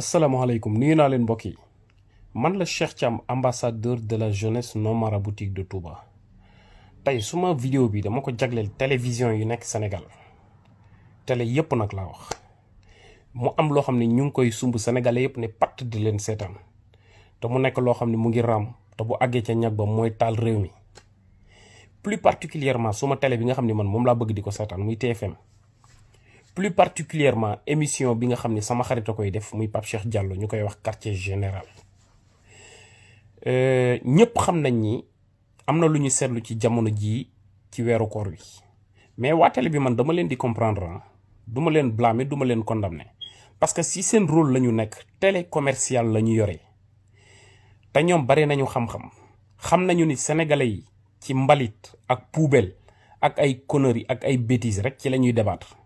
asalaamaaleykum nuyu naa leen mbokk man la Cheikh Thiam ambassadeur de la jeunesse non boutique de Touba tey suma video bi dama ko jagleel télévision yu nekk Sénégal télé yépp nag laa wax mu am loo xam ne ñu ngi koy sumb sénégalais yépp ne patt di leen seetaan te mu nekk loo xam ne mu ngi raam te bu àggee ca ñag ba mooy taal réew mi plus particulièrement suma télé bi nga xam ne man moom laa bëgg di ko seetaan muy TFM plus particulièrement émission bi nga xam ni sama xarit a koy def muy Pape Cheikh Diallo ñu koy wax quartier général euh, ñëpp xam nañ ni am na lu ñu seetlu ci jamono jii ci weeru koor wi mais waa télé bi man dama leen di comprendre ah du leen blâmer duma leen condamner parce que si seen rôle la ñu nekk tele commercial la ñu yore te ñoom bari nañu xam-xam xam nañu ni sénégalais yi ci mbalit ak poubelle ak ay conneries ak ay bêtises rek ci la ñuy débattre.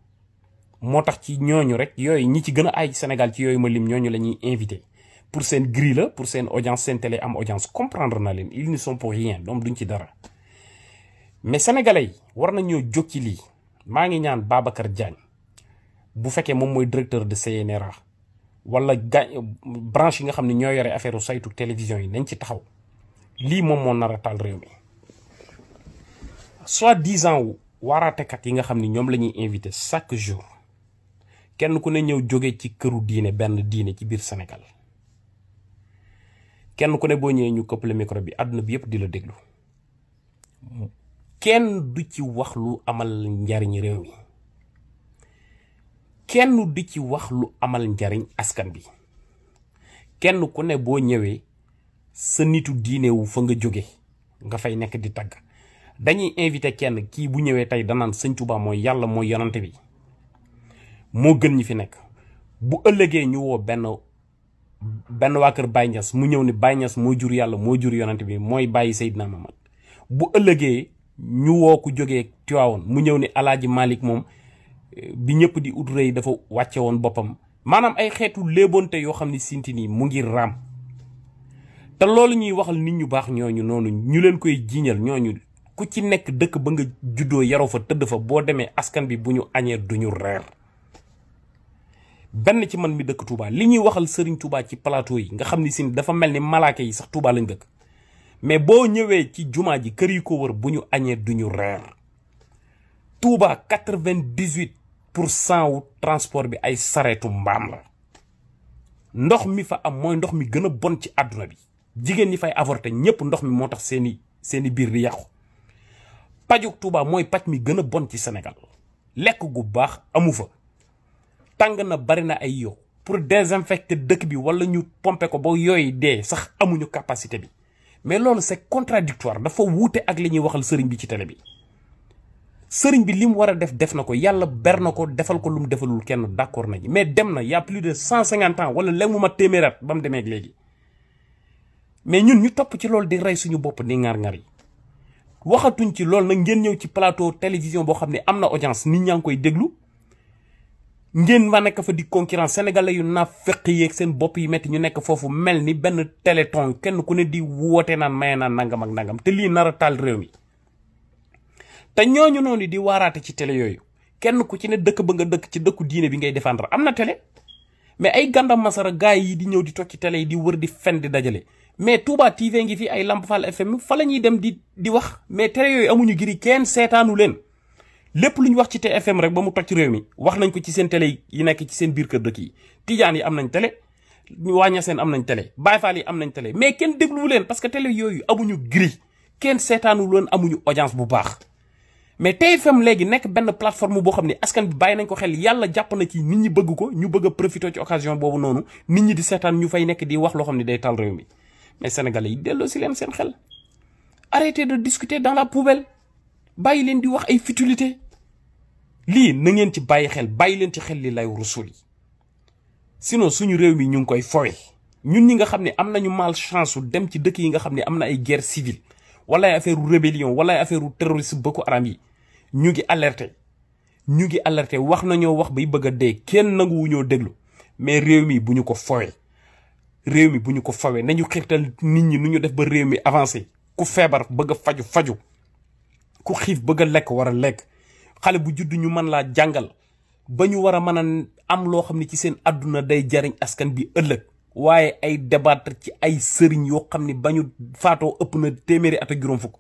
moo tax ci ñooñu rek yooyu ñi ci gën a ay ci Sénégal ci yooyu ma lim ñooñu la ñuy invité pour seen grille la pour seen audience seen télé am audience comprendre na leen ils ne sont pour rien donc dara mais sénégalais yi war nañoo jóg ci lii maa ngi ñaan Babacar Diagne bu fekkee moom mooy directeur de CNRA wala ga yi nga xam ne ñoo yore affaire saytu télévision yi nañ ci taxaw lii moom moo nar a taal réew mi soit dix ans waaraatekat yi nga xam ni ñoom la ñuy invité chaque jour. kenn ku ne ñëw jóge ci këru diine benn diine ci biir Sénégal kenn ku boo ñëwee ñu këppale micro bi àdduna bi yëpp di la déglu kenn du ci wax lu amal njariñ réew mi ci wax lu amal njariñ askan bi kenn ku ne boo ñëwee sa nitu diine fa nga jóge nga fay nekk di tagg dañuy invité kenn kii bu ñëwee tey danaan sëñ Tuubaa mooy yàlla mooy yonante bi moo gën ñi fi nekk bu ëllëgee ñu woo benn benn waa kër Baye Niass mu ñëw ni Baye Niass moo jur yàlla moo jur yonent bi mooy bàyyi Seydina Mamad bu ëllëgee ñu woo ku jógee Tiwaawoon mu ñëw ni Alaaji Malick moom eh, bi ñëpp di ut rey dafa wàcce woon boppam maanaam ay xeetu léeboonte yoo xam ne sinti nii mu ngir raam te loolu ñuy waxal nit ñu baax ñooñu noonu ñu leen koy jiiñal ñooñu ku ci nekk dëkk ba nga juddoo yaroo fa tëdd fa boo demee askan bi bu ñu añee duñu reer benn ci man mi dëkk Touba li ñuy waxal Serigne Touba ci plateau yi nga xam ni sin dafa mel ni malaaka yi sax Touba lañ dëkk mais boo ñëwee ci jumaa ji kër yi ko wër bu ñu añee du ñu reer Touba quatre-vingt-dix-huit pour cent wu transport bi ay sareetu mbaam la ndox mi fa am mooy ndox mi gën a bon ci àdduna bi jigéen ñi fay avorté ñëpp ndox mi moo tax seeni seeni biir bi yàqu pajuk Touba mooy paj mi gën a bon ci Sénégal lekk gu baax amu fa tàng na bari na ay yow pour désinfecter dëkk bi wala ñu pompe ko ba yooyu dee sax amuñu capacité bi mais loolu c'est contradictoire dafa wuute ak li ñuy waxal sëriñ bi ci tele bi sëriñ bi li mu war a def def na ko yàlla ber na ko defal ko lu mu defalul kenn d'accord nañu mais dem na y a plus de cent cinquante ans wala léegi mu ma téeméeraat ba mu demee léegi mais ñun ñu topp ci loolu di rey suñu bopp ni ŋar-ŋar yi waxatuñ ci loolu nag ngeen ñëw ci plateau télévision boo xam ne am na audience nit ñaa ngi koy déglu ngeen ma nekk fa di concurrence sénégalais yu naa fekk yeeg seen bopp yi metti ñu nekk foofu mel ni benn téléthon kenn ku ne di woote naan maye naan nangam ak nangam te lii nar a taal réew mi te ñooñu noonu di waaraate ci tele yooyu kenn ku ci ne dëkk ba nga dëkk ci dëkku diine bi ngay défendre am na tele mais ay gàndam masara gaay yi di ñëw di toog ci télé yi di wër di fen di dajale mais Touba TV ngi fi ay Lamp Fall FM fa la ñuy dem di di wax mais télé yooyu amuñu giri kenn seetaanu leen lépp lu ñu wax ci TFM rek ba mu toj réew mi wax nañ ko ci seen télé yi nekk ci seen biir kër dëkk yi tijaan yi am nañ télé wàñña seen am nañ tele Baay yi am nañ télé mais kenn dégluwu leen parce que télé yooyu amuñu grille kenn seetaanu leen amuñu audience bu baax mais TFM léegi nekk benn plateforme boo xam ne askan bi bàyyi nañ ko xel yàlla jàpp na ci nit ñi bëgg ko ñu bëgg a ci occasion boobu noonu nit ñi di seetaan ñu fay nekk di wax loo day taal réew mi mais sénégalais delloo si leen seen xel arrêtez de discuter dans la poubelle bàyyi leen di wax ay futilité lii na ngeen ci bàyyi xel bàyyi leen ci xel li lay rusul yi sinon suñu réew mi ñu ngi koy fowe ñun ñi nga xam ne am nañu malchance dem ci dëkk yi nga xam ne am na ay guerre civile wala ay affaire rébellion wala ay affaire terrorisme Boko Haram yi ñu ngi alerte ñu ngi alerté wax nañoo wax bay bëgg a dee kenn nanguwu ñoo déglu mais réew mi bu ñu ko fowe réew mi bu ñu ko fawee nañu xirtal nit ñi nu ñu def ba réew mi avancé ku feebar bëgg a faju faju ku xiif bëgg lekk war a lekk xale bu judd ñu mën laa jàngal ba ñu war a mën a am loo xam ne ci seen adduna day jariñ askan bi ëllëg waaye ay débattre ci ay sëriñ yoo xam ne ba ñu faatoo ëpp na téeméeri at ak juróom fukk